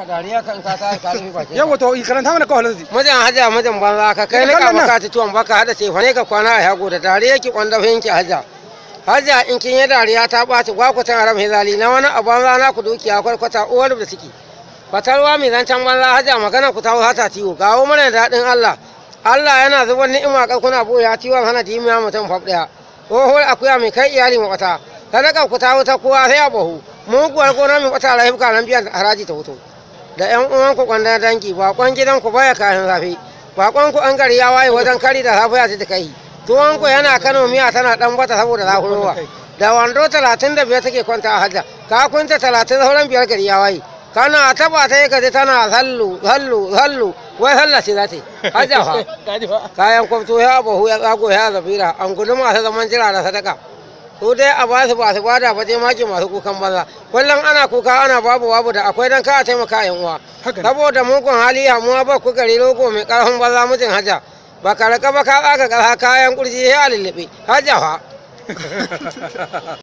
ka dariya kan karanta mana kawai lazi haja banza ka kai ne ka baka tuwon baka hada ce fa ka kwana a hagu da dariya ki kwanda hinki haja haja in kin yi dariya ta ɓaci gwakwatan aram hizali na wani a banza na ku dukiya kwarkwata uwar da suke fatarwa mai zancen banza haja magana ku ta hata tiwo gawo mana daɗin allah allah yana zubar ni'ima kuna boya tiwon hana dimiya mutum fab ɗaya tsohuwar akuya mai kai iyali ta daga ku ta wuta kowa sai a bahu muguwar gona mai kwata rahim na biyan haraji ta wuto da yan uwanku kwanda dangi gidan gidanku baya kayan zafi kwan ku an gari ya waye wajen kari da safiya ta kai tuwon ku yana Kano miya tana dan bata saboda zafin ruwa da wando 35 take kwanta a hajja ka kunta 30 sauran biyar gari ya waye kana ba ta kaje tana sallu sallu sallu wai sallah ce za ta yi hajja fa kayan kwamto ya abu ya tsago ya zafira an guduma ta zaman jira da sadaka ko dai a basu ba su bada ba maki masu kukan banza kullum ana kuka ana babu babu da akwai dan ka a taimaka yan uwa saboda mugun hali muwa ba ku gari logo mai karfin banza mijin haja ba ka raka ba ka kasa kayan kurji ya lullube haja fa